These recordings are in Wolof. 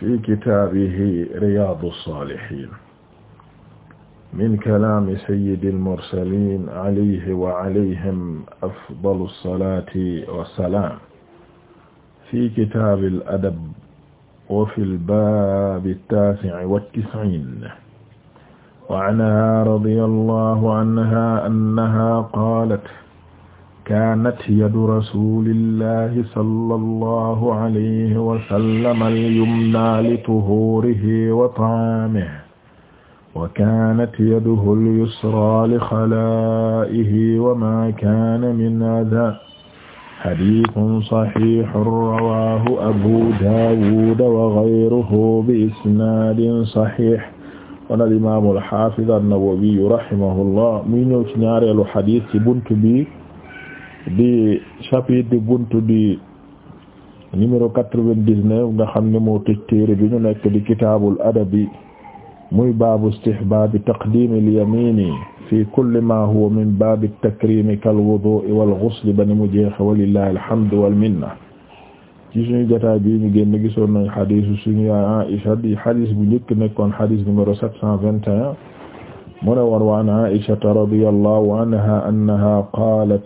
fi kitaabihi riyaadu saalihiin min kalaami sayyidil mursaliin alayhi wa alayhim afdalu salaati wa salaam fi kitaabil adab wa fil baabi taasi'i wa tis'iin wa anhaa radiyallaahu anhaa annahaa qaalat kaanat yadu rasulillahi sallallahu alayhi wa sallam al-yumnaa li tuhuurihi wa ta'aamihi wa kaanat yaduhu al-yusraa li xalaa'ihi wa maa kaana min adaa xadiisun saxiixun rawaahu abu daawuud wa xayruhu bi isnaadin saxiix kon al imaamul xaafiz an-Nawawi rahimahullah muy ñëw ci ñaareelu xadiis ci buntu bi di chapitre di buntu di numéro quatre-vingt-dix-neuf nga xam ne moo tëj téere bi ñu nekk di kitaabul adabi muy baabu istihbaabi taqdiimi al-yamiini fi kulli maa huwa min baabi takrimi kal wuduu'i wal ghusli ba ni mu jeexe walillaahi alhamdu wal minna ci suñu jotaay bii ñu génn gisoon nañ xadiisu suñu yaay Aïcha di xadiis bu njëkk nekkoon xadiis numéro sept cent vingt et un mu ne war wa an Aïcha radiyallaahu anhaa annahaa qaalat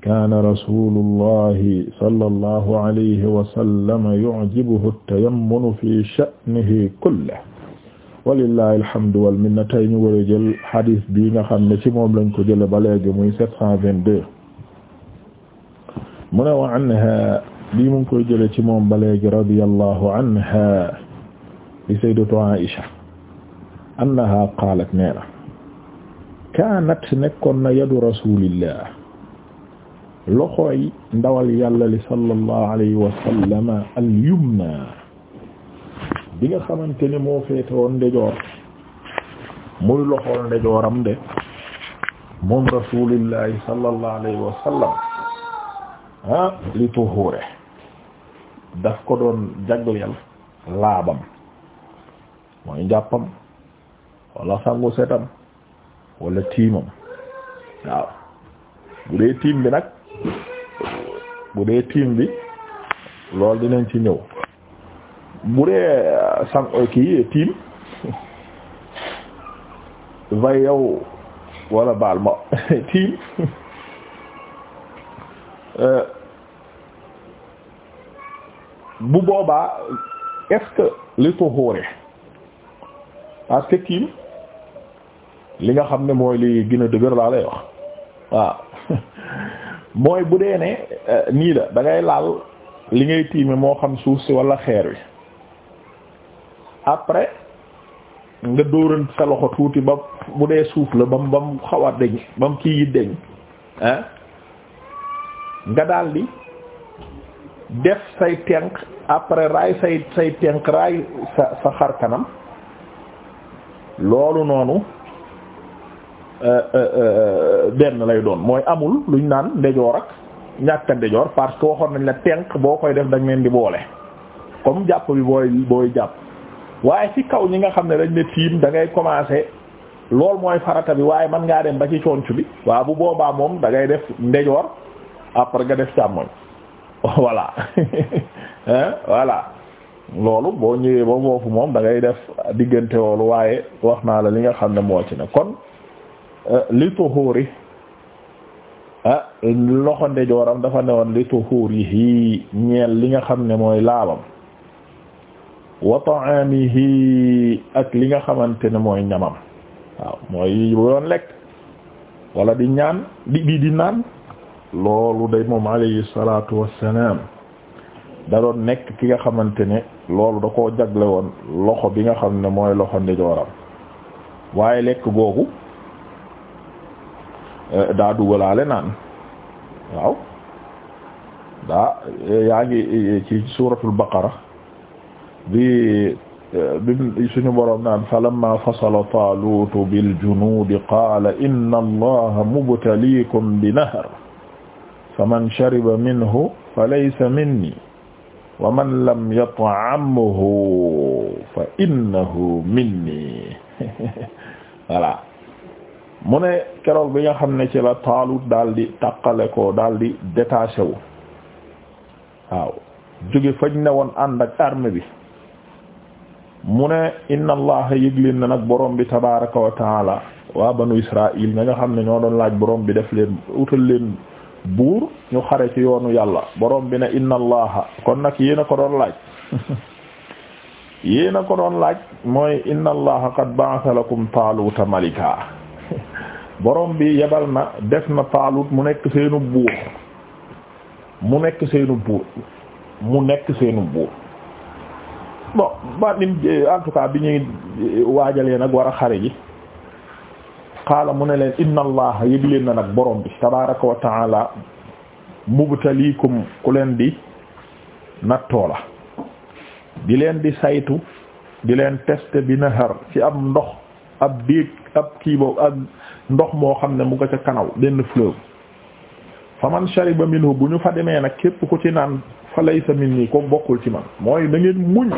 kaana rasuulullahi sallallahu alayhi wa sallam yu'jibuhu at-tayammunu fi sha'nihi kullihi walillahi alhamdu wal minna tey ñu war a jël hadith bi nga xam ne ci moom lañ ko jëlee ba léegi muy 722 mu ne wa anha bi mu ngi koy jëlee ci moom ba léegi radiyallahu anha li sayyidatu Aisha annaha qaalat nee na kaanat nekkoon na yadu rasulillah loxooy ndawal yàlla li sallallahu alayhi wa sallama bi nga xamante ne moo féete woon ndejoor muy loxool ndejooram de moom rasulillahi sallallahu alayhi wa sallam ah li tuhuure daf ko doon jagleel laabam mooy njàppam wala sangu setam wala tiimam waaw bu dee tiim bi nag bu dee tiim bi lool dinañ ci ñëw bu dee euh, san euh, kii tiim vay yow wala baal ma tiim euh, bu boobaa est-ce que li tuxuure parce que li nga xam ne mooy li gën a dëgër laa lay wax waaw mooy bu dee ne euh, nii la da ngay laal li ngay tiime moo xam suuf si walla xeer wi après nga dóoran sa loxo tuuti ba bu dee suuf la bam bam xaw a deñ bam kii yi deñ ah nga daldi def say tenq après raay say say tenq raay sa sa xar kanam loolu noonu Euh, euh, euh, benn lay doon mooy amul lu ñu naan ndejoor ak ñàkk ndejoor parce que waxoon nañ la tenk boo koy def dañ leen di boole comme jàpp bi booy booy jàpp waaye ci kaw ñi nga xam ne dañ ne tiim da ngay commencer lool mooy farata bi waaye man ngaa dem ba ci conc bi waaw bu boobaa moom da ngay def ndejoor après nga def càmmoñ voilà hein voilà loolu boo ñëwee ba foofu moom da ngay def diggante woolu waaye wax naa la li nga xam ne moo ci ne kon Euh, li tuhuri ah, loxo ndejooram dafa newoon li tuhurihi ñeel li nga xam ne mooy laabam wa ta'amihi ak li nga xamante ne mooy ñamam waaw mooy bu doon lekk wala di ñaan di bi di naan loolu day moom alayhi salaatu wassalaam da doon nekk ki nga xamante ne loolu da koo jagle woon loxo bi nga xam ne mooy loxo ndejooram waaye lekk googu Eh, daa dugalaale naan waaw daa eh, yaa ngi eh, ci suuratul baqara bi bi suñu boroom naan falamma fasala taaluutu bil junuudi qaala inna allaha mubtaliikum bi nahar faman shariba minhu falaysa minni wa man lam yat'amhu fa innahu minni voilà mu ne keroog bi nga xam ne ci la Taalut daal di taqale ko daal di détaché wu waaw jóge faj ne woon ànd ak arme bi mu ne inna allaha yëgleen na nag borom bi tabaraka wa waa banu Israil ña nga xam ne ñoo doon laaj boroom bi def leen utal leen buur ñu xare ci yoonu yàlla boroom bi na inna allaha kon nag yéen a ko doon laaj yéen a ko doon laaj mooy inna allaha qad ba'atha lakum Taaluta malika borom bi yebal na def na Taalut mu nekk seenu buur mu nekk seenu buur mu nekk seenu buur bon ba nim en bi ñuy eh, waajale nag war a xare ji qaala mu ne leen inna allaha yëg na nag borom bi tabaraka wa taala mubtalikum ku leen di nattoo la di leen di saytu di leen tester bi nahar ci ab ndox ab déeg ab kiibo ndox moo xam ne mu nga ca kanaw benn fleuve faman shariba minhu bu ñu fa demee nag képp ku ci naan fa laysa minni ko bokkul ci man mooy da ngeen muñ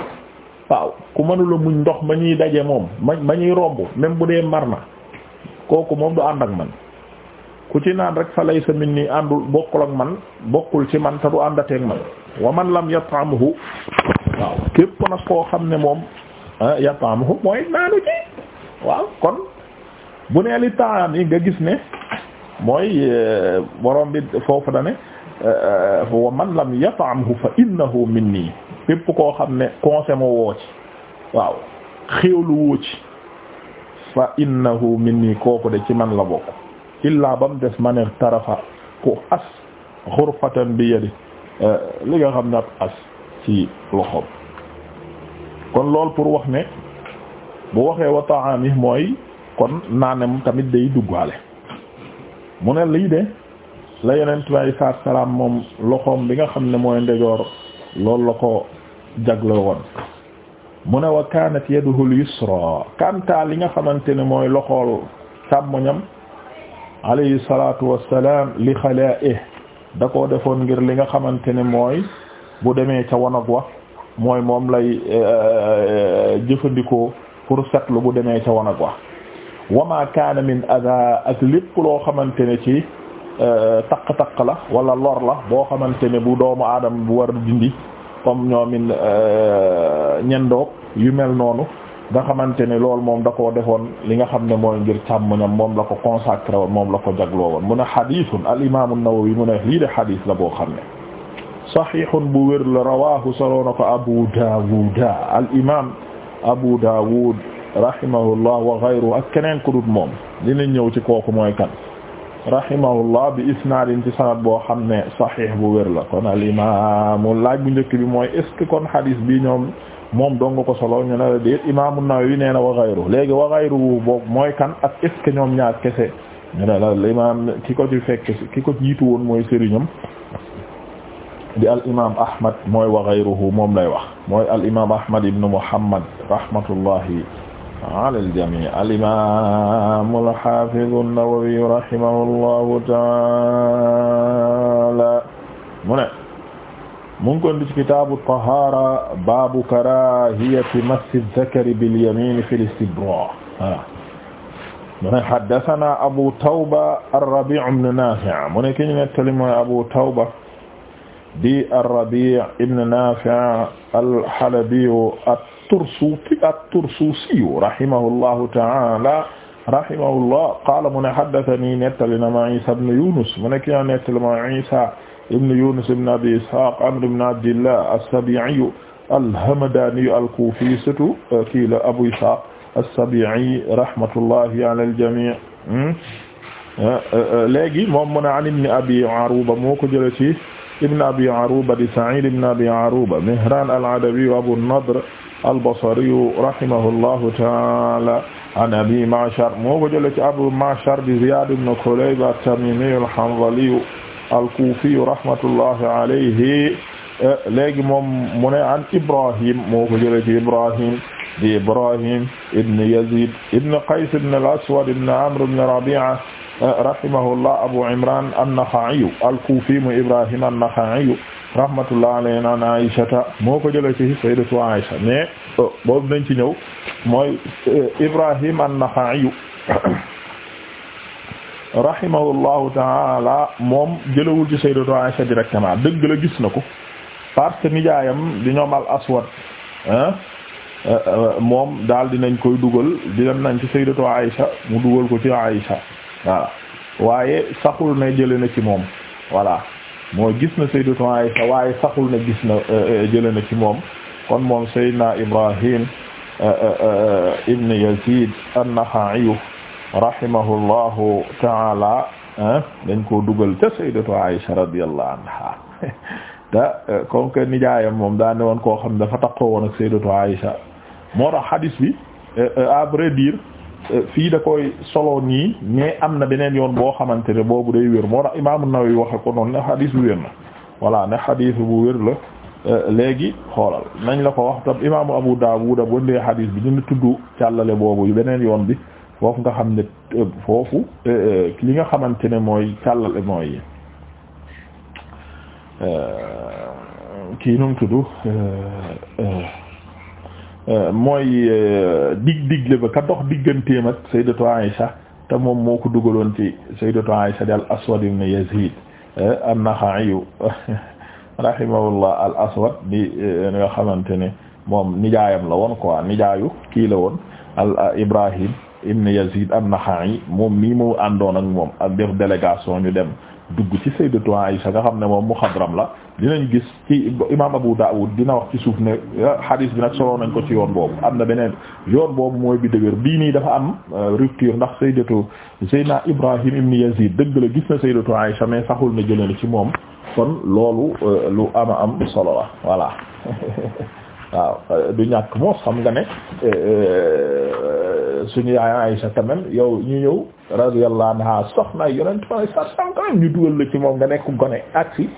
waaw ku mënula muñ ndox ma ñuy daje moom ma ma ñuy romb même bu dee mar na kooku moom du ànd man ku ci naan rek fa laysa minni àndul bokkul ak man bokkul ci man te du àndateeg man wa man lam yat'amhu waaw képp nag koo xam ne moom ah, yat'amhu mooy naanu ci waaw kon bu nee li taam yi nga gis ne mooy eh, borom bi foofu da ne eh, eh, wa man lam yat'amhu fa innahu minni bépp koo xam ne consommé woo ci waaw xéewlu woo ci fa innahu minni kooku de ci man la bokk illaa ba mu des man tarafa ku as xurfatan bi yadi li nga xam ne ab as ci loxoom kon lool pour wax ne bu waxee wa taam mooy kon naanam tamit day duggaale mu ne lii de la yonent bi salaam moom loxoom bi nga xam ne mooy ndejoor loolu la ko jagle woon mu ne wa kaanat yaduhu al-yusra kanta li nga xamante ne mooy loxool càmmoñam alayhi salaatu wassalaam li xalaa'ihi da koo defoon ngir li nga xamante ne mooy bu demee ca wanag wa mooy moom lay euh, euh, jëfandikoo pour setlu bu demee ca wanag wa wa ma kaana ak lépp loo xamante ne ci euh, taq-taq la wala lor la boo xamante ne bu doomu aadama bu war dindi comme ñoomin euh, ñendoog yu mel noonu nga xamante ne loolu moom da koo defoon li nga xam ne mooy ngir càmmoñam moom la ko consacré woon moom la ko jagloo woon mu ne xadisun al imaamu Nawawi mu ne lii de xadis la boo xam ne saxiixun bu wér rawaahu soloona ko Abu Daawuda al imaam Abu Daawud rahimahullah wa ghayru ak keneen ku dut moom dina ñëw ci kooku mooy kan rahimahullah bi isnaadin ci sanad boo xam ne saxiix bu wér la kon al laaj bu njëkk bi mooy est kon xadis bi ñoom moom dong ko solo ñu ne la déet imaamu Nawawi nee na wa ghayru léegi wa ghayru boobu mooy kan ak est ñoom ñaar kese ñu ne la imaam ki ko ci fekk ko jiitu woon mooy sëriñam di al imaam mooy wa ghayruhu moom lay wax mooy al imaam Ahmad ibn Muhammad rahmatullahi ala al-jamii al-imaam al-haafiz an-Nawawi rahimahullahu ta'aala mu ne mu ngi ko indi ci kitaabu tahaara baabu karaahiyati massi zakari bil-yamiin fi al-istibraa' mu ne haddasanaa Abu Tawba ar-Rabii' ibn Naafi' mu ne ki ñu nettali mooy Abu Tawba di ar-Rabii' ibn Naafi' al-Halabii tursuuti at-Tursuusiyu rahimahullahu ta'ala rahimahullah qaala mu ne haddathanii nettali na ma Iisaa ibn Yuunus mu ne ki nga nettali ma Iisaa ibn Yuunus ibn Abii Ishaaq Amr ibn Abdillah as-Sabii'iyu al-Hamdaaniyu al-Kuufiyu surtout euh, kii la Abuu Ishaaq as-Sabii'i rahmatullahi ala al-jamii' hmm? euh, euh, léegi moom mu ne an ibn Abii Aruuba moo ko jëlee ci ibn Abii Aruuba di Sa'iid ibn Abii Aruuba Mihraan al-Adawiyu Abuu Nadr al-Basriyu rahimahullahu ta'ala an Abi Ma'shar moo ko jëlee ci Abu Ma'shar di Ziyad ibn Kulayb at-Tamimi al-Hanzali al-Kufi rahmatullahi alayhi léegi moom mu ne an Ibrahim moo ko jëlee ci Ibrahim di Ibrahim ibn Yazid ibn Qays ibn al-Aswad ibn Amr ibn Rabi'a rahimahullah Abu Imran an-Nakha'i al-Kufi mu Ibrahim an-Nakha'i rahmatullah alayhi an Aïshata moo ko jëlee ci sayyidatu Aïsha mais euh, boobu nañ ci ñëw mooy euh, Ibrahim an-Nakha'i rahimahullahu taala moom jëlawul ci sayyidatu Aïsha directement dëgg la gis na ko parce nijaayam di ñoom al-Aswad euh, moom daal dinañ koy dugal di dem nañ ci sayyidatu Aïsha mu dugal ko ci Aïsha waaw waaye saxul ne jële na ci moom voilà moo gis na sayyidatu Aisha waaye saxul na gis na euh, euh, jële na ci moom kon moom sayyidina Ibrahim euh, ibn Yazid an-Nakha'i rahimahullahu ta'ala dañ koo dugal ca sayyidatu Aisha radiyallahu anha te comme que nijaayam moom daa ne ko koo xam dafa takkoo woon ak sayyidatu Aisha moo tax hadis bi Euh, fii da koy solo nii mais am na beneen yoon boo xamante ne boobu day wér moo tax imaamu Nawawi waxe ko noonu ne xadiis bu wér na voilà ne xadiis bu wér la euh, léegi xoolal nañ la ko wax tam imaamu Abu Daawud bu ndee xadiis bi dina tudd càllale boobu beneen yoon bi foofu nga xam ne euh, foofu li nga xamante ne mooy càllale mooy kii nu mu tudd Euh, mooy euh, dig digle ba ka dox digganteem ak sayyidatu Aisha te moom moo ko dugaloon ci sayyidatu Aisha di al Aswad ibn Yazid euh, an-Nakha'i rahimahullah al Aswad di nga xamante ni moom nijaayam la woon quoi nijaayu kii la woon al Ibrahim ibn Yazid an-Nakha'i moom mii moo àndoon ak moom ak def délégation ñu dem dugg ci sayyidatu Aisha nga xam ne moom muxadram la dinañ gis ci imam Abu Dawud dina wax ci suuf ne eh, hadith bi nag solo nañ ko ci yoon boobu am na beneen yoon boobu mooy bi dëgër bii nii dafa am euh, rupture ndax sayyidatu Zeyna Ibrahim ibn Yazid dëgg la gis na sayyidatu Aisha mais saxul na jëlee ci moom kon loolu euh, lu ama am solo la voilà waaw euh, du ñàkk moo xam nga ne suñu yaay Aisha quand même yow ñu ñëw radiyallahu anha soxna yonent fa sa sam quand même ñu dugal la ci moom nga nekk gone aksi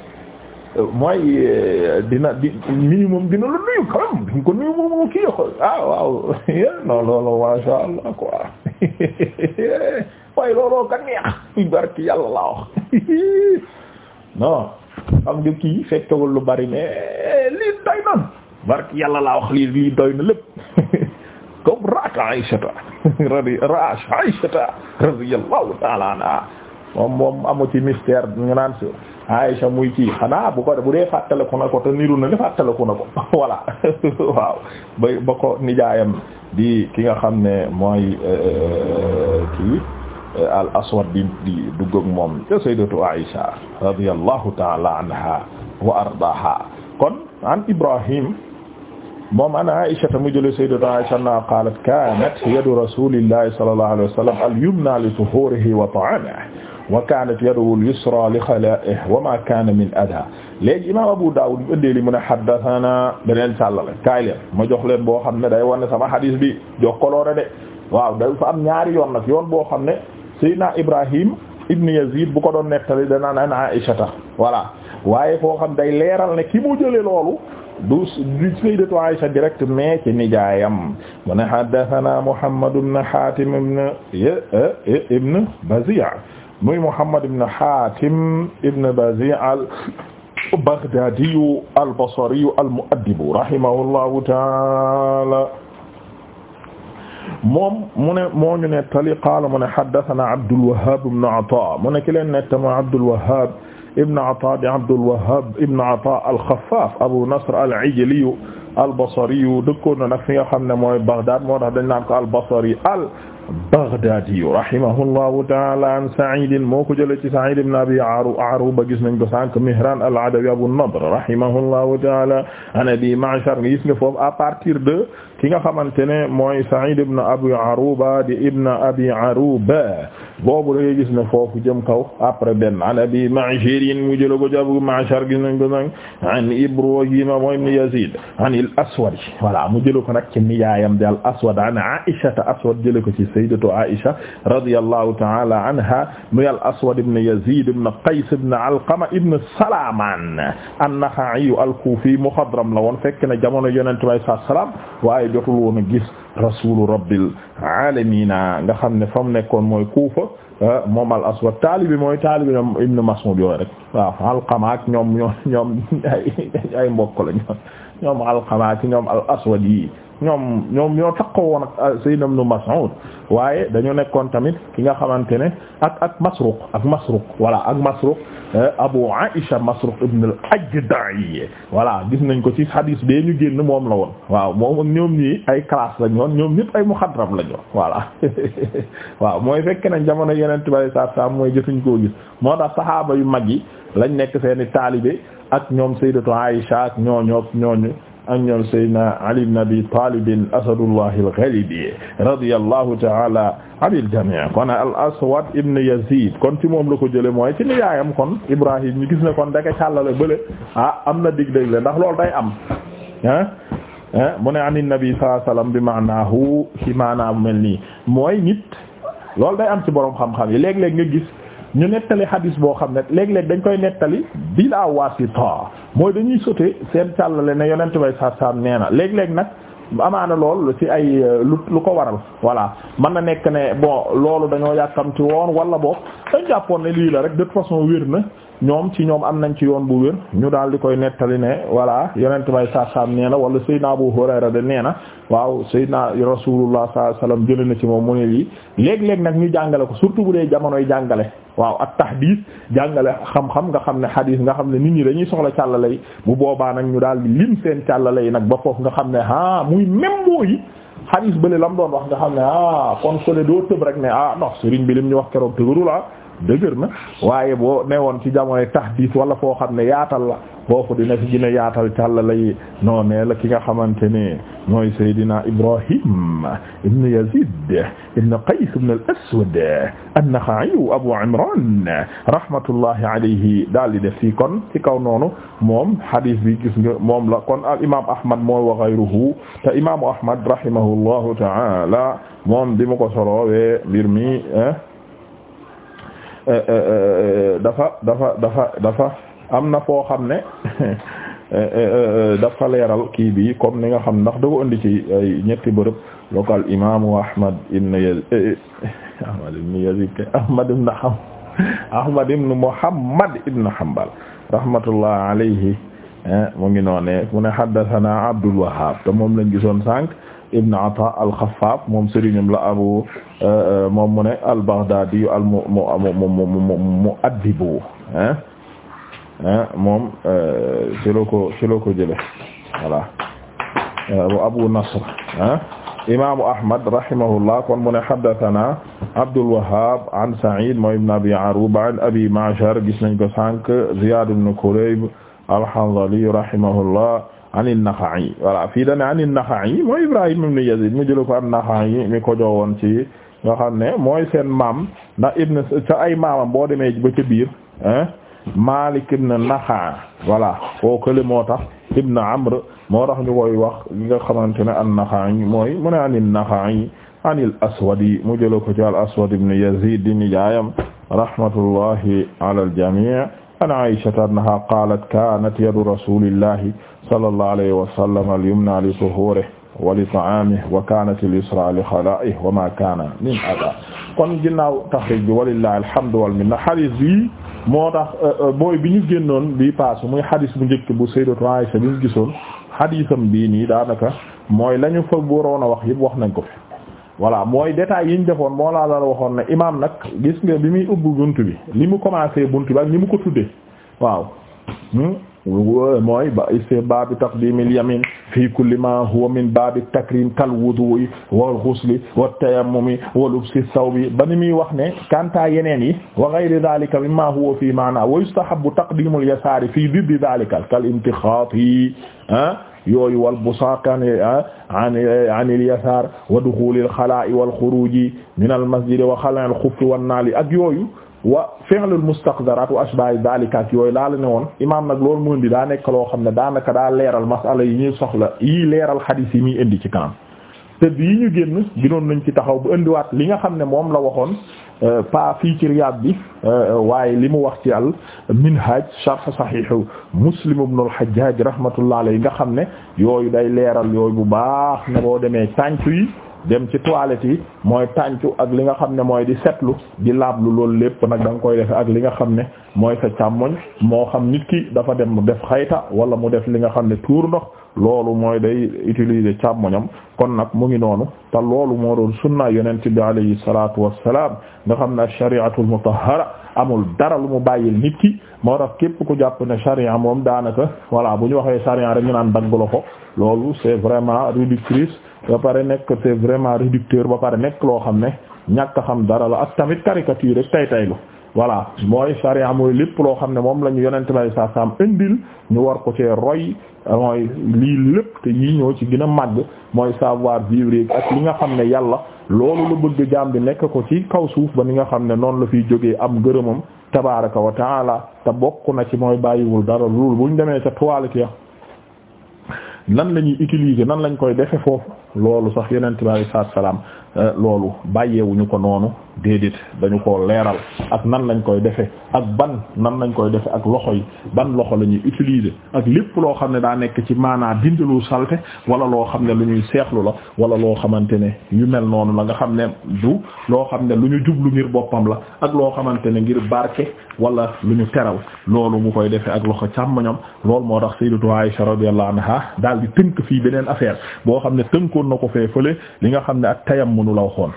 mooy euh, dina di minimum dina la nuyu quand même di nga ko nuyu moom kii ko ah waaw eh, non loolu masha Allah quoi waaye looloo ka neex barki yàlla laa wax non xam nga kii fekkewul lu bari mais eh, lii doy na barki yàlla laa wax lii lii doy na lépp comme raaka Aysata radi raash Aysata radiyallahu ta'ala anha moom moom amu ci mystère ñu naan si Aïcha muy kii xanaa bu ko bu dee fàttaliku na ko te niru na ni fàttaliku na ko voilà waaw ba ba ko nijaayam di ki nga xam ne mooy euh, euh, kii euh, al aswad di di dugg ak moom te sayyidatu Aïcha radiyallahu ta'ala anha wa ardaha kon an Ibrahim moom an Aïcha ta mu jële sayyidatu Aïcha na qalat kanat yadu rasulillahi sallallahu alayhi wa sallam al yumna li tuhurihi wa ta'amihi wa kanat yaduhu al-yusra li khala'ihi wa ma kana min adha léegi imam Abu Dawud bi ëndeeli mu ne haddathana beneen sàllale kaay leen ma jox leen boo xam ne day war ne sama hadis bi jox koloore de waaw day fa am ñaari yoon nag yoon boo xam ne Seydina Ibrahim ibn Yazid bu ko doon nettali danaan an Aisha tax voilà waaye foo xam day leeral ne ki mu jële loolu du du sayyidatu Aisha direct mais ci nijaayam mu ne haddathana Muhammad ibn Hatim ibn eh, eh, eh, ibn Bazi' muy Muhammad ibn Hatim ibn Bazi' al-Baghdadi al-Basri al-mu'addib rahimahullahu ta'ala moom mu ne moo ñu nettali qaala mu ne haddathana Abdul Wahhab ibn Ata mu ne ki leen nettali Abdul Wahhab ibn Ata di Abdul Wahhab ibn Ata al-Khaffaf Abu Nasr al-Ijli al-Basri dëkkoon na nag fi nga xam ne mooy Baghdad moo tax dañ naan ko al-Basri al Baghdaadi rahimahullahu ta'ala an Sa'id moo ko jëlee ci Sa'id ibn Abi Aruba gis nañ ko sànq Mihran al-Adawi Abu an-Nadr rahimahullahu ta'ala an Abi Ma'shar gis nga foofu partir de ki nga xamante ne mooy Sa'id ibn Abi Aruba di ibn Abi Aruba boobu da gis na foofu jëm kaw après benn an Abi Ma'shar mu jëlee ko ci Abu Ma'shar nañ ko sànq an Ibrahim mooy ibn Yazid an aswad voilà mu jëlee ko nag ci nijaayam di al-Aswad an Aisha Aswad jëlee ko ci sayyidatu Aisha radiyallahu ta'ala anha muy al-Aswad ibn Yazid ibn Qays ibn Alqama ibn Salaman an-Nakha'i al la woon fekk na jamono Yonent bi sallallahu alayhi wa sallam waaye jotul woon a gis rasulu rabbil alamin nga xam ne fa mu nekkoon mooy Kufa ah, moom al-Aswad taalibi mooy taalibi ñoom Ibn Mas'ud yooyu rek waaw Alqama ak ñoom ñoom ñoom mbokk la ñoom ñoom ñoo tax takkoo woon ak ah, Sayyidna Ibn Mas'ud waaye dañu nekkoon tamit ki nga xamante ne ak ak Masruq ak Masruq voilà ak Masruq eh, Abu Aisha Masruq ibn al-Ajda'i voilà gis nañ ko ci hadis bee ñu génn moom la woon waaw moom ak ñoom ñii ay classe lañ woon ñoom ñëpp ay muxadram lañ woon voilà waaw mooy fekk nañ jamono yeneen tubaab yi saa mooy jëfuñ koo gis moo tax saxaaba yu mag yi lañ nekk seeni taalibe ak ñoom Sayyidatu Aisha ak ñooñu ñooñu. ak ñoom Seydina Ali ibn Abi Talib asadullahi al-ghalibi radiyallahu ta'ala anil jami' kon al-Aswad ibn Yazid kon ci moom la ko jële mooy ci ni yaayam kon Ibrahim ñu gis ne kon daka càllale bële ah am na dig-dég le ndax loolu day am ah mu ne an nabi sallallahu alayhi wasallam bi maanaahu ci maanaa mel nii mooy nit loolu day am ci boroom xam-xam yi léeg-léeg nga gis ñu nettali hadis boo xam ne léeg-léeg dañ koy nettali yi wasita mooy dañuy sote seen càllale ne yonent bay saat saam nee na léeg-léeg nag amaana lool ci ay euh, lu lu ko waral voilà mën na nekk ne bo loolu dañoo yàkkamti woon wala boog dañ jàppoon ne lii la rek de toute façon wér na ñoom ci ñoom am nañ ci yoon bu wér ñu daal di koy nettali ne voilà yonent bay sarsam nee na wala sayyidna Abu Hurayra de nee na waaw sayyidna Rasulullah sallallahu alayhi wasallam jëlee na ci moom mu ne lii léeg-léeg nag ñu jàngale ko surtout bu dee jamonoy jàngale waaw ak tahdis jàngale xam-xam nga xam ne hadis nga xam ne nit ñi dañuy soxla càllale yi bu boobaa nag ñu daal di lim seen càllale yi nag ba foofu nga xam ne ah muy même boo yi hadis bële lam doon wax nga xam ne ah kon sole rek ne ah non sëriñ bi lim ñu wax keroog tëgarula dëgër na waaye boo newoon ci jamonoy tahdis wala foo xam ne yaatal la foofu dina fi a yaatal càlla lay noonee la ki nga xamante ne mooy Seydina Ibrahim ibn Yazid ibn Qays ibn al-Aswad an Abu Imran rahmatullahi alayhi daal di def fii kon ci kaw noonu moom hadith moom la kon al imam Ahmad mooy wa ghayruhu te imaamu Ahmad rahimahullahu ta'ala moom bi mu ko soloowee mbir mi eh, Eh, eh, eh, dafa dafa dafa dafa am na foo xam ne dafa leeral kii bii comme ni nga xam ndax da ko indi ci ñetti bërëb local imaamu Ahmad ibn Yazid Ahmad ibn Yazid Ahmad ibn Ahmad ibn Muhammad ibn Hanbal rahmatullah alayhi mu ngi noonee mu ne haddathana Abdul Wahhab te moom lañ gisoon sànq ibn Ata al-Xaffaaf moom sëriñam la abu euh, euh, moom mu ne al-Baghdaadi al mu mu mu mu mu addibu ah moom euh, ci la ko ci la ko jëlee voilà Abu Nasr ah imaamu Ahmad rahimahullah kon mu ne haddathana Abdul Wahhab an Sa'id mooy ibn Abi Aruba an Abi Ma'shar gis nañ ko sànq Ziyaad ibn Kurayb al-Hanzali rahimahullah an an-Naxa'i voilà fii e an an-Naxa'i mooy Ibrahim ibn Yazid mu jële ko an-Naxa'i mi ko joowoon ci nga xam ne mooy seen maam ndax ibn ca ay maamam boo demee ba ca biir Malik ibn Naxa voilà koo kële moo tax ibn Amr moo tax ñu koy wax li nga xamante ne an-Naxa'i mooy mu ne an an-Naxa'i an al-Aswad mu jële ko ci al-Aswad ibn Yazid di nijaayam rahmatullahi ala al-jami' an aishata annaha qalat kanat yadu rasulillahi sallallahu alayhi wa sallam al-yumna li tuhurihi wa li ta'amihi wa kanat al-yusra li khala'ihi wa ma kana min adha kon ginnaaw taxrij bi walillahi alhamdu wal minna hadis bi moo tax mooy euh, euh, bi ñu génnoon bi paase muy hadis bu njëkk bu sayyidatu Aisha bi ñu gisoon hadisam bii nii daanaka mooy la ñu fa waroon a wax yëpp wax nañ ko fi voilà mooy détails yi ñu defoon moo laa la waxoon ne imaam nag gis nga bi muy ubbi bunt bi li mu commencé bunt bi ak ni mu ko tuddee waaw hmm? mooy ba iste baabi taqdimil yamin fii kulli ma huwa min baabi takrim kal wudu'i wal ghusli wat tayammumi wa lubsi thawbi ba ni muy wax ne kanta yeneen yi wa ghayri dhalika mimma huwa fi maana wa yustahabbu taqdimul yasaari fii diddi dhalika kal intixaati ah yooyu wal busaaqan an ah, an il yasaar wa dukhulil xalaa'i wal xuruuji minal masjidi wa xal'il xuffi wan naali ak yooyu wa fi'lul mustaqdaraat wa ashbaahi daalikaat yooyu laa la ne woon imaam nag loolu mu indi daa nekk loo xam ne daanaka daa leeral masala yi ñuy soxla yi leeral xadiis yi muy indi ci kanam te yi ñu génn ginoon nañu ci taxaw bu indiwaat li nga xam ne moom la waxoon euh, pas fii ci Riyaad bi euh, waaye li mu wax ci al minhaj sharh sahih Muslim ibn al-Hajjaj rahmatullah alayhi nga xam ne yooyu day leeral yooyu bu baax ne boo demee tàncu yi dem ci toilette yi mooy tàncu ak li nga xam ne mooy di setlu di laablu loolu lépp nag da nga koy def ak li nga xam ne mooy sa càmmoñ moo xam nit ki dafa dem mu def xayta wala mu def li nga xam ne tuur ndox loolu mooy day utiliser càmmoñam kon nag mu ngi noonu te loolu moo doon sunna yonent bi alayhi salaatu wassalaam nga xam ne ash-shari'atul mutahhara amul dara lu mu bàyyil nit ki moo tax képp ku jàpp ne charia moom daanaka voilà bu ñu waxee charia rek ñu naan dagg loxo loolu c'est vraiment réductrice ba pare nekk c'est vraiment réducteur ba pare nekk loo xam ne ñàkk a xam dara la ak tamit caricature rek tay taylu voilà mooy sariya mooy lépp loo xam ne moom la ñu yonente bay sa sam indil ñu war ko cee roy mooy lii lépp te yii ñoo ci gën a màgg mooy savoir vivre ak li nga xam ne yàlla loolu la bëgg jaam bi nekk ko ci kaw suuf ba ni nga xam ne noonu la fiy jógee am gërëmam tabaraka wa taala te bokk na ci mooy bàyyiwul dara bu ñu demee ca toilette ya nan la ñuy utiliser nan lañ koy defe foofu loolu sax yeneen bi alei salaam euh, loolu bàyyeewuñu ko noonu déedéet dañu koo leeral ak nan lañ koy defe ak ban nan lañ koy defe ak loxo yi ban loxo la ñuy utiliser ak lépp loo xam ne daa nekk ci maanaa lu salte wala loo xam ne lu ñuy seexlu la wala loo xamante ne yu mel noonu la nga xam ne du loo xam ne lu ñu jublu ngir boppam la ak loo xamante ne ngir barke wala lu ñu teral loolu mu koy defee ak loxo càmmoñam loolu moo tax sayyidatu Aisha radiyallahu anha daal di tënk fii beneen affaire boo xam ne tënkoon na ko fee fële li nga xam ne ak tayammunu la waxoon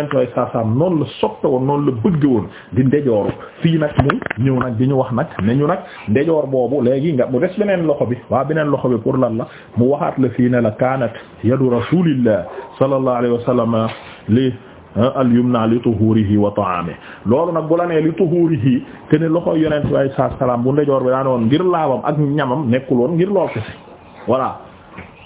yonent way saasaam la soppe woon noonu la bëgg woon di ndejooru fii nag mu ñëw nag di ñu wax nag ne ñu nag ndejoor boobu léegi nga mu des beneen loxo bi waaw beneen loxo bi pour lan la mu waxaat la fii ne la kaanat yadu la sallallahu alayhi wa sallam li al yumna li tuhurihi wa ta'amihi loolu nag bu la nee li tuhurihi te ne loxo yonent way saa salaam bu ndejoor bi daan woon ngir laabam ak ñamam nekkul woon ngir lool kese voilà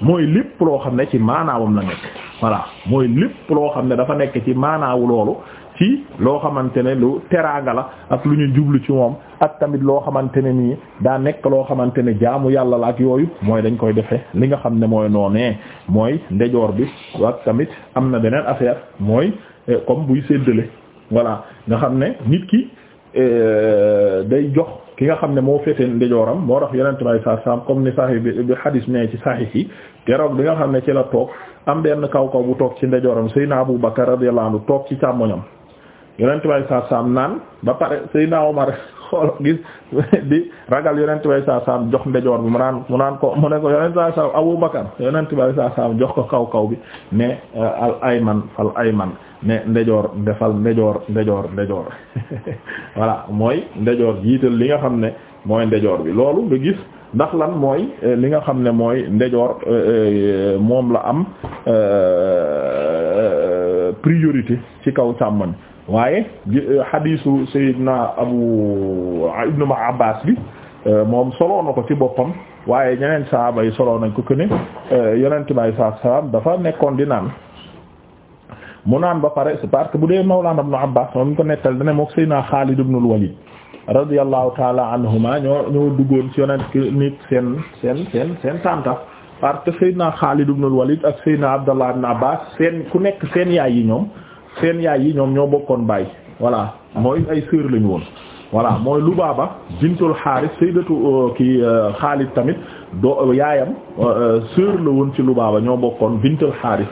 mooy lépp loo xam ne ci maanaawam la nekk voilà mooy lépp loo xam ne dafa nekk ci maanaawu loolu ci loo xamante ne lu teraanga la ak lu ñu jublu ci moom ak tamit loo xamante ne nii daa nekk loo xamante ne jaamu yàlla la ak yooyu mooy dañ koy defe li nga xam ne mooy noonee mooy ndejoor bi ak tamit am na beneen affaire mooy eh, comme buy séddale voilà nga xam ne nit ki eh, day jox ki nga xam ne moo féete ndijooram moo tax yeneen may sa sam comme ni sahih bi bi hadis ne ci sahih yi keroog bi nga xam ne ci la toog am benn kaw kaw bu toog ci ndijooram Seydina Abu Bakar radiyallahu anhu toog ci càmmoñam yeneen may sa sam naan ba pare Seydina Omar xool gis di ragal yonent saa saam jox ndejoor bi mu naan mu ko mu ne ko yonent saa saam Abu Bakar saa saam jox ko kaw kaw bi ne euh, al ayman fal ayman ne ndejoor defal ndejoor ndejoor ndejoor voilà mooy ndejoor jiital li nga xam ne mooy ndejoor bi loolu nga gis ndax lan mooy euh, li nga xam ne mooy ndejoor euh, moom la am priorité ci kaw càmmoñ waaye eh, xadiisu Seydina Abu eh, Ibnu Abbas bi eh, moom soloo ko ci boppam waaye ñeneen saaba yi soloo nañ ko que ne yonent bi sa salaatu salaam dafa nekkoon di naan mu naan ba pare c'est parce que bu dee Mawlaana Ibnu Abbas moom ñu ko nettal dane mook Seydina Xaalid ibnu al-Walid radiyallahu taala anhuma ñoo ñoo duggoon ci yonent nit seen seen seen seen tànta parce que Seydina Xaalid ibnu al-Walid ak Seydina Abdallah ibnu Abbas seen ku nekk seen yaay yi ñoom seen yaay yi ñoom ñoo bokkoon baay voilà mooy ay sœur lañu woon voilà mooy lu Lubaaba bintul Haaris sayyidatu euh, kii euh, Xaalid tamit doo euh, yaayam sœur la woon ci Lubaaba ñoo bokkoon bintul Haaris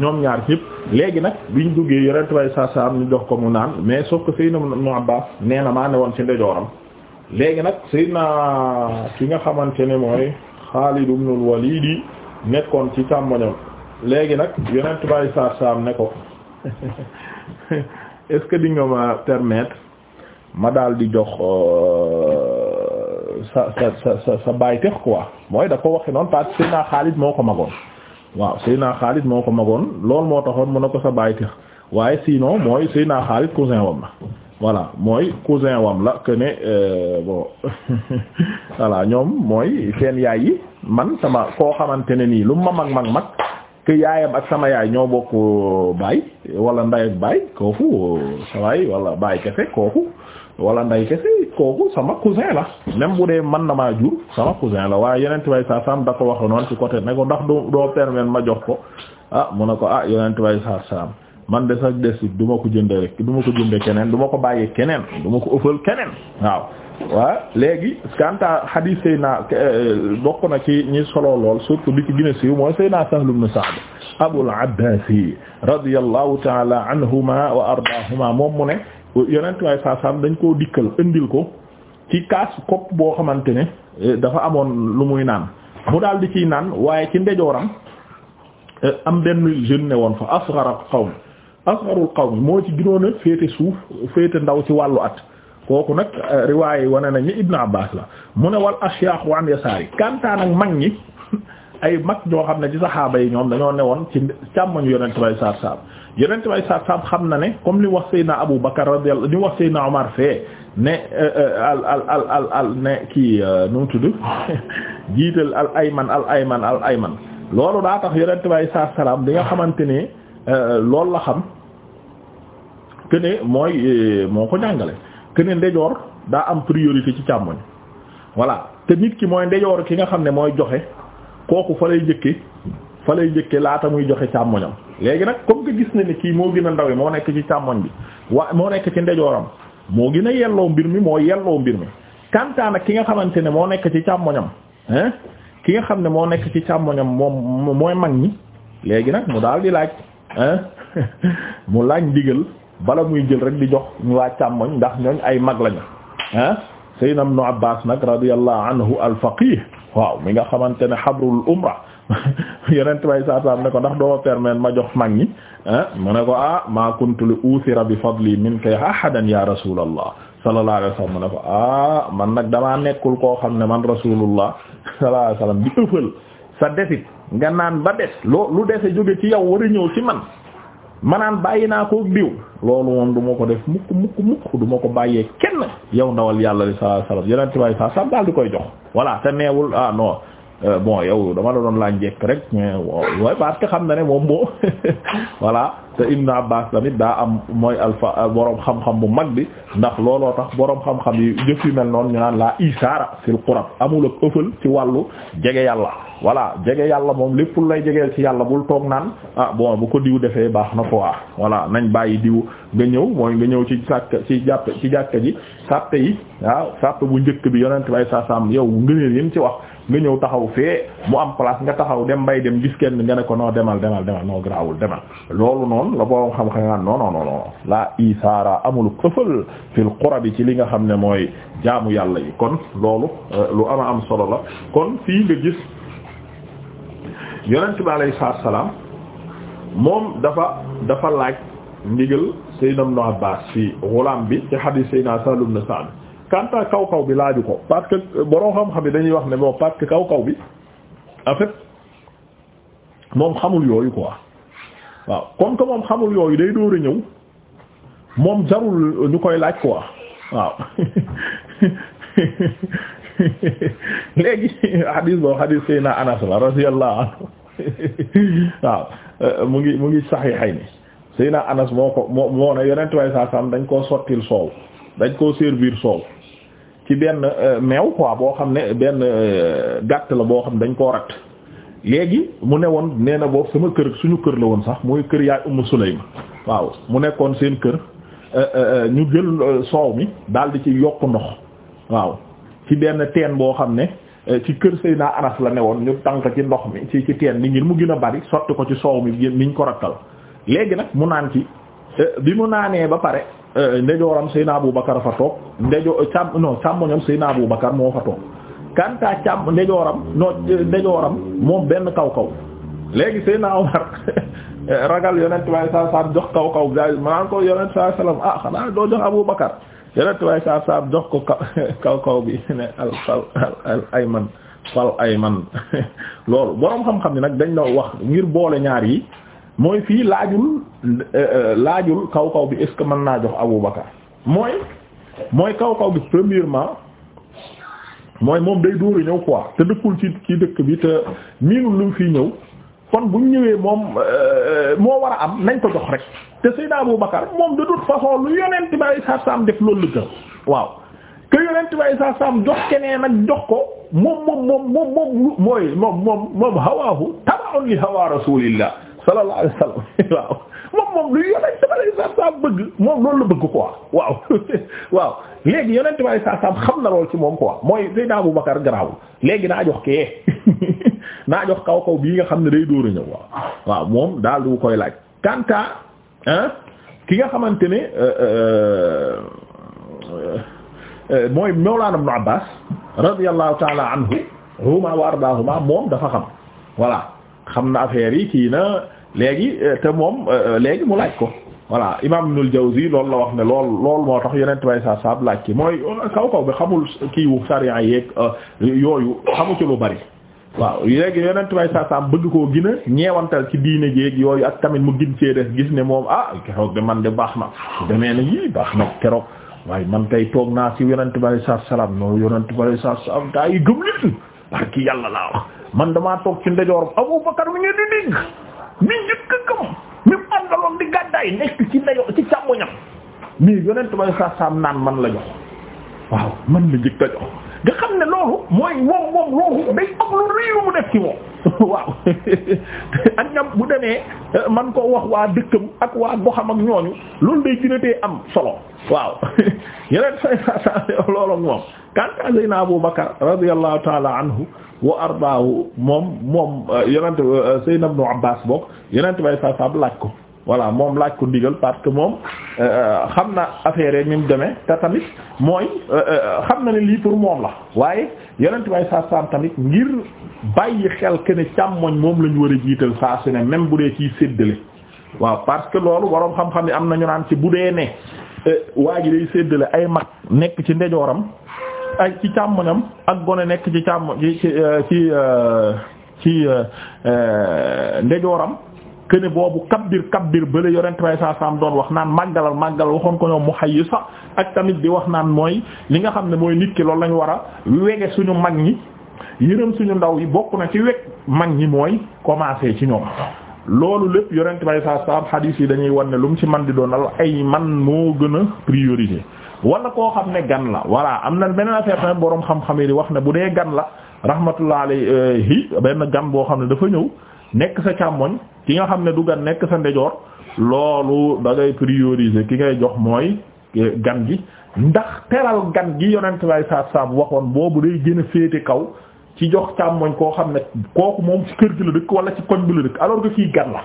ñoom ñaar ñëpp léegi nag biñ duggee yore tubay saa saa am ñu jox ko mu naan mais sauf que Seydina Ibn Abbaas nee na maa ne woon ci ndejooram léegi nag Seydina ki nga xamante ne mooy Xaalid ibnul Waliid nekkoon ci càmmoñam léegi nag yore tubay saa saa ne ko. est-ce que di ma permettre ma daal di jox euh, sa sa sa sa sa bàytex quoi mooy da ko waxe noonu parce xaalis moo ko magoon waaw Seydina xaalis moo ko magoon loolu moo taxoon mu ne ko sa bàytex waaye sinon mooy Seydina Xaalid cousin wam la voilà mooy cousin wam la que ne euh, bon ñoom mooy seen yaay yi man sama koo xamante ne nii lu ma mag mag mag que yaayam ak sama yaay ñoo bokk euh, baay wala nday ak baay kooku euh, sawaay wala baay kese kooku wala nday kese kooku sama cousin la même bu dee man na maa jur sama cousin la waaye yeneen tubay saa saam da ko waxe noon ci côté ne ndax doo doo permettre ma jox ko ah mu ne ko ah yeneen tubay saa saam man de sax desit du ma ko jënde rek du ma ko jënde keneen du ma ko bàyyee keneen du ma ko ëffal keneen waaw waaw léegi kanta hadith Seyna euh, bokk na ci ñi solo lool surtout bi ci gën a siiw mooy Seyna Sahl ibn Sa'd Abul Abbaas radiyallahu ta'ala anhuma wa ardaahuma moom mu ne yonent waay saa saam dañ koo dikkal indil ko ci kaas kopp boo xamante ne euh, dafa amoon lu muy naan mu daal di ciy naan waaye ci ndejooram euh, am benn jeune woon fa asgharul qawm asgharul qawm moo ci gënoon a féete suuf féete ndaw ci wàllu at kooku nag euh, riwaay yi wane nañu Ibn Abbas la mu ne wal ashyaaxu an yasaari kantaan ak mag ñi ay mag ñoo xam ne ci saxaaba yi ñoom dañoo woon ci càmmoñu yonent bay saab saab yonent bay saam xam na ne comme li wax Seydina Abu Bakar radiyallahu li wax Seydina Omar fee ne euh, euh, al kii nu mu tudd jiital al ayman al ayman al ayman loolu daa tax yonent bay saab salaam di nga xamante ne loolu la xam que ne mooy moo ko jàngale. que ne ndejoor daa am priorité ci càmmoñ voilà te nit ki mooy ndejoor ki nga xam ne mooy joxe kooku fa lay njëkke fa lay njëkke laata muy joxe càmmoñam léegi nag comme que gis na ni kii moo gën a ndaw moo nekk ci càmmoñ bi waa moo nekk ci ndejooram moo gin a yelloo mbir mi moo yelloo mbir mi kantaan ak ki nga xamante ne moo nekk ci càmmoñam hein ki nga xam ne moo nekk ci càmmoñam moom mooy mag ñi léegi nag mu daal di laaj hein mu laaj ndigal bala muy jël rek di jox ñu waa càmmoñ ndax ñooñ ay mag lañu ah sayyidna ibnu abbas nag radiyallahu anhu al faqih waaw mi nga xamante ne xabrul umra yeneen bay am ne ko ndax doo permettre ma jox mag ñi mu ne ko ah ma kuntu li uthira bi fadli minka ahadan ya rasulallah sallallahu alayhi wa sallam mu ne ko ah man nag dama nekkul koo xam ne man rasulullah sallallahu alayhi wa sallam di ëffal sa desit nga naan ba des loo lu dese jóge ci yow war a ci man manaan bàyyi naa ko diw loolu moom du ma ko def mukk mukk mukk du ma ko bàyyee kenn yow ndawal yàlla li sallallahu alayhi wasallam yeneen tubaab yi sax sax daal di koy jox voilà te neewul ah non euh, bon yow dama la doon laaj njëkk rek mais waaye parce xam na ne moom moo voilà. te Ibn Abbas tamit daa am mooy alfa euh, boroom xam-xam bu mag bi ndax looloo tax boroom xam-xam yi jëf yu mel noonu ñu naan laa la isaara fil qurab amul ak ëffal ci wàllu jege yàlla. voilà jege yàlla moom lépp lay jegee ci yàlla bul toog naan ah bon bu ko diw defee baax na waa voilà nañ bàyyi diw nga ñëw mooy nga ñëw ci sàkk ci jàpp ci jàkka ji sàppe yi waaw sàppe bu njëkk bi yonent bay sa sam yow ngëneel yi mu ci wax. nga ñëw taxaw fee mu am place nga taxaw dem mbay dem gis kenn nga ne ko non demal demal demal non garaawul demal loolu noonu la boo xam-xam nga non non non non la isaara amul këfal fil qurabi ci li nga xam ne mooy jaamu yàlla yi kon loolu euh, lu ama am solo la kon fii nga gis yonent bi alayhi salaam moom dafa dafa laaj ndigal Seydina Ibn Abbas fi ghulam bi ci hadith Seydina Sahl ibn Sa'd quant kaw kaw bi laaju ko parce que borom xam-xam yi dañuy wax ne bon parce kaw kaw bi en fait moom xamul yooyu quoi waaw comme que moom xamul yooyu day dóor a ñëw moom jarul ñu koy laaj quoi waaw léegi hadis boobu hadis Seydina Anas la radiyallahu anhu waaw euh, mu ngi mu ngi Sahihayni Seydina Anas moo ko moo moo ne yonent way saa sam dañ koo sottil soow dañ koo servir soow ci benn euh, meew quoi boo xam ne benn euh, gàtt la boo xam ne dañ koo rat léegi mu ne woon nee na boobu sama kër suñu kër la woon sax muy kër yaay Ummu Sulaym waaw mu nekkoon seen kër euh, ñu jël soow mi daal di ci yokk ndox waaw ci benn teen boo xam ne ci kër naa Anas la ne woon ñu tànk ci ndox mi ci ci teen bi ngir mu gën a bari sotti ko ci soow mi ñu ko rattal léegi nag mu naan ci bi mu naanee ba pare Euh, ndejooram Seydina Abu Bakar fa toog ndejo euh, càmm non càmmoñam Seydina Abu Bakar moo fa toog kanta càmm ndejooram non euh, ndejooram moom benn kaw kaw léegi Seydina Omar ragal yonent waaye saa saam jox ah, kaw kaw ga manaan ko al al ayman fal ayman loolu boroom xam-xam ni nag dañ la wax ngir boole ñaar yi mooy fii laajul euh, euh, laajul kaw kaw bi est ce que mën naa jox Aboubacar mooy mooy kaw kaw bi premièrement mooy moom day dóoru ñëw quoi te dëkkul ci ci dëkk bi te lu mu fii ñëw kon buñ ñëwee moom euh, moo war a am nañ ko jox rek te Seydina Aboubacar moom de toute façon lu yonent bay sa sam def loolu la waaw que yonent bay sa sam jox keneen nag jox ko moom moom moom moom moom mooy moom moom hawaahu tabaun li hawa rasulillah sallallahu alayhi wasallam waaw moom moom lu yonent bi alayhi salaam bëgg moom loolu bëgg quoi waaw waaw léegi yonent bi alayhi salaam xam na lool ci moom quoi mooy Seydina Abu Bakar garaawul léegi naa jox kee naa jox kaw kaw bii nga xam ne day dóor a ñëw waaw moom daal du koy laaj kanta ah ki nga xamante ne euh, euh, euh, mooy Mawlana Ibn Abbas radiyallahu ta'ala anhu huma wa ardaahuma moom dafa xam voilà xam na affaire kii na léegi euh, te moom euh, euh, léegi mu laaj ko voilà imam Ibnul Jawzi loolu la wax ne lool lool moo tax yeneen way sa sab laaj ki mooy kaw kaw bi xamul kiiwu sariya yeeg yooyu xamu ci lu bari waaw léegi yeneen way sa sab bëgg koo gina a ñeewantal ci diine jéeg yooyu ak tamit mu gin cee def gis ne moom ah keroog de man de baax na demee na yi baax na keroog waaye man kay toog naa ci yonent bi alayhi salaatu salaam no yonent bi alayhi salaatu salaam daa yi gëm nit barki yàlla laa mais yonent bay saasaam naan man la jox waaw man la njëkk a jox nga xam ne loolu mooy moom moom loolu day am lu rëy mu def ci moom waaw ak ñam bu demee euh, man koo wax waa dëkkam ak waa xam ak ñooñu loolu day ginatee am solo waaw yeneen fay saasaam loolu ak moom kanta Seydina Abu Bakar radiyallahu taala anhu wa ardaahu moom moom euh, yonent euh, Seydina Ibnu Abbaas bokk yonent bay saasaam laaj ko voilà moom laaj ko digal parce que moom euh, euh, xam na affaire yi ni mu demee te tamit mooy euh, xam na ne lii pour moom la waaye yonent bay saa saam tamit ngir bàyyi xel ke ne càmmoñ moom la ñu war a jiital saa su ne même bu dee ciy séddale waaw parce que loolu boroom xam-xam ni am na ñu naan ci bu dee ne waa ji day séddale ay mag nekk ci ndejooram ay ci càmmoñam ak gone nekk ci càmmoñ ci ci ci ndejooram këne boobu kabbir kabbir bële yonent bay saa saam doon wax naan màggalal màggal waxoon ko ñoom mu xay sax ak tamit di wax naan mooy li nga xam ne mooy nit ki loolu lañu war a wege suñu mag ñi yërëm suñu ndaw yi bokk na ci weg mag ñi mooy commencé ci ñoom loolu lépp yonent bay saa saam hadith yi dañuy wan ne lu mu ci man di doonal ay man moo gën a priorité wala koo xam ne gan la voilà am na beneen affaire tamit boroom xam-xam yi di wax ne bu dee gan la rahmatullah alayhi eh, benn gan boo xam ne dafa ñëw nekk sa càmmoñ ki nga xam ne du gan nekk sa ndejoor loolu da ngay prioriser ki ngay jox mooy gan gi ndax teral gan gi yonent lay saab saab waxoon boobu day génn a féete kaw ci jox càmmoñ koo xam ne kooku moom ci kër gi la dëkk wala ci koñ bi la dëkk alors que kii gan la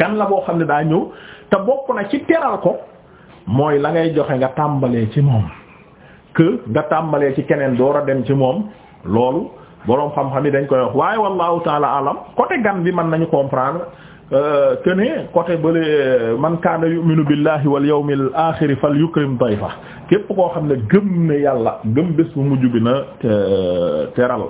gan la boo xam ne daa ñëw te bokk na ci teral ko mooy la ngay joxe nga tàmbalee ci moom que nga tàmbalee ci keneen door a dem ci moom loolu boroom xam-xam yi dañ koy wax waaye wallahu taala alam côté gan bi man nañu comprendre euh, que ne côté bële euh, man kaana yu'minu billahi wal yawmil aaxiri fal yukrim dayfa képp koo xam ne gëm ne yàlla gëm bés mu mujj bi na euh, teral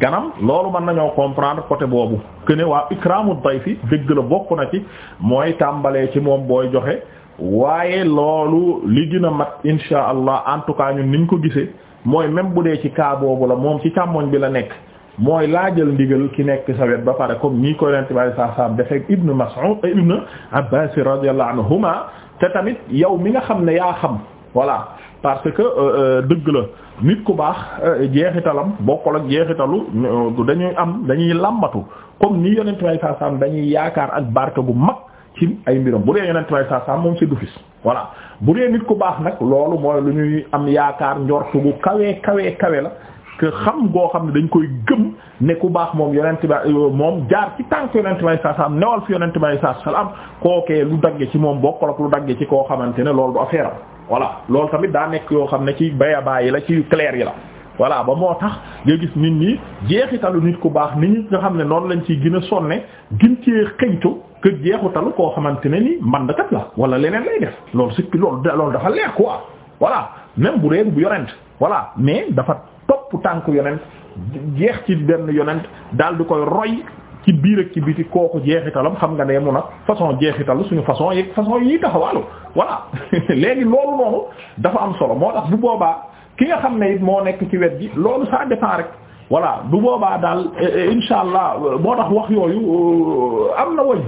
ganam loolu mën nañoo comprendre côté boobu que waa waa ikramu fi dëgg la bokk na ci mooy tàmbalee ci moom booy joxe waaye loolu li gën a mat insha allah en tout cas ñun niñ ko gisee. mooy même bu dee ci kaa boobu la moom ci càmmoñ bi la nekk mooy laajal ndigal ki nekk sa wet ba pare comme ñii ko yonent bi sallallahu alayhi wasallam defee ibnu Mas'ud ibn Abbas radiyallahu anhuma te tamit yow mi nga xam ne yaa xam voilà parce que euh, euh, dëgg la nit ku baax euh, jeexitalam bokkul ak jeexitalu dañuy am dañuy làmbatu comme ni yonent bi sallallahu alayhi wasallam dañuy yaakaar ak barke bu mag ci ay mbiram bu dee yonent bay saa saa moom c'est d'office voilà bu dee nit ku baax nag loolu mooy lu ñuy am yaakaar njortu gu kawee kawee kawe la que xam goo xam ne dañ koy gëm ne ku baax moom yonent ba euh, moom jaar ci tànk yonent bay saa saa newal fi yonent bay saa saa am kookee lu dagge ci moom bokk ak lu dagge ci koo xamante ne loolu du affaire am voilà loolu tamit daa nekk yoo xam ne ci bayabaa yi la ci clair yi la voilà ba moo tax nga gis nit ñi jeexitalu nit ku baax nit ñi nga xam ne noonu lañ ci gën a sonne gën cee xëytu que jeexutalu koo xamante ne ni mandakat la wala leneen lay def loolu sikki loolu loolu dafa leer quoi voilà bu dee bu yonent voilà mais dafa topp tànk yonent jeex ci benn yonent daal di koy roy ci biir ak ci kooku jeexitalam xam nga ne mun a façon jeexital suñu façon yeeg façon yi taxawaalu voilà léegi loolu noonu dafa am solo moo tax bu boobaa ki nga xam ne it moo nekk ci wet gi loolu ça dépend rek. voilà bu boobaa daal eh, eh, insha allah boo tax wax yooyu euh, am na waj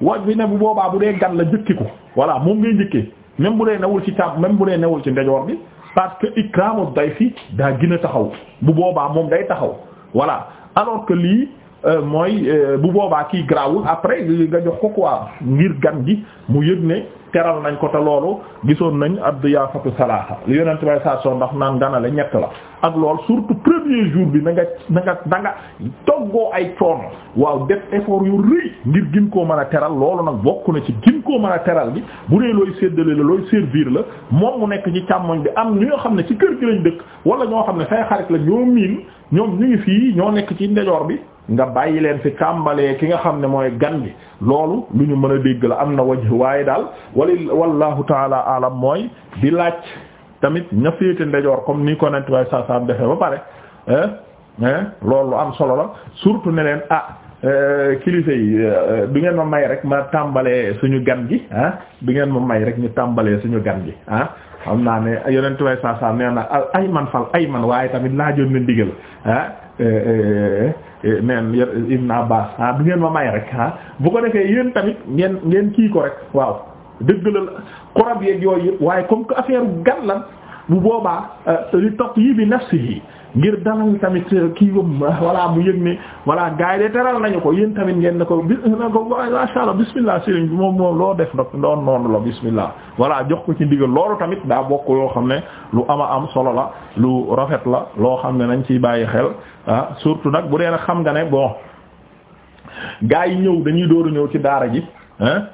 waj bi ne bu boobaa bu dee gan la jëkki ko voilà moom ngay njëkkee même bu dee newul ci càmm même bu dee newul ci ndejoor bi parce que ikramu dayfi daa gën a taxaw bu boobaa moom day taxaw voilà alors que lii euh, mooy euh, bu boobaa kii grawul après nga jox ko quoi ngir gan gi mu yëg ne teral nañ ko te loolu gisoon nañ ad-diyaafatu salaasa li yonent bay saa soo ndax naan ganale ñett la ak lool surtout premier jour bi na nga nanga nga na ay coono waaw def effort yu rëy ngir gin koo mën a teral loolu nag bokk na ci gin koo mën a teral bi bu dee looy séddale la looy servir la moom mu nekk ci càmmoñ bi am ñoo xam ne ci kër gi lañ dëkk wala ñoo xam ne say xarit la ñoo miin ñoom ñu ngi fii ñoo nekk ci ndejoor bi nga bàyyi leen fi tàmbalee ki nga xam ne mooy gan gi loolu lu ñu mën a dégg la am na wajh waaye daal wali wallahu taala alam mooy di laaj tamit ña féete ndejoor comme ni ko nent waaye saa saa defee ba pare loolu lu am solo la surtout ne leen ah euh, kilifa yi euh, du ngeen ma may rek ma tàmbalee suñu gan gi ah du ngeen ma may rek ñu tàmbalee suñu gan gi ah xam naa ne yonentu way saa saa nee na man ayman ay man waaye tamit laajoon na ndigal ah neen Ibn Abbas ah du ngeen ma may rek ah bu ko defee yéen tamit ngeen ngeen kii ko rek waaw dëgg la xorab yeeg yooyu waaye comme que affaire gan lan bu boobaa li topp yi bi nafsihi ngir dalal tamit euh, kii wam euh, voilà mu yëg ni voilà gars yi de teral nañu ko yéen tamit ngeen ne ko bis ko masha Allah bismillah sëriñ bi moom moom loo def nag doon noonu la bismillah voilà jox ko ci ndigal loolu tamit daa bokk yoo xam ne lu ama am solo la lu rafet la loo xam ne nañ ci bàyyi xel ah surtout nag bu dee nag xam nga ne bon gars yi ñëw dañuy dooru ñëw ci daara ji ah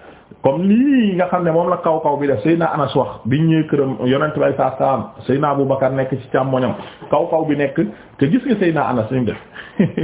comme lii nga xam ne moom la kaw kaw bi def Seydina Anas wax bi ñëwee këram yonent bay saa saam naa Abu Bakar nekk ci càmmoñam kaw kaw bi nekk te gis nga Seydina Anas li mu def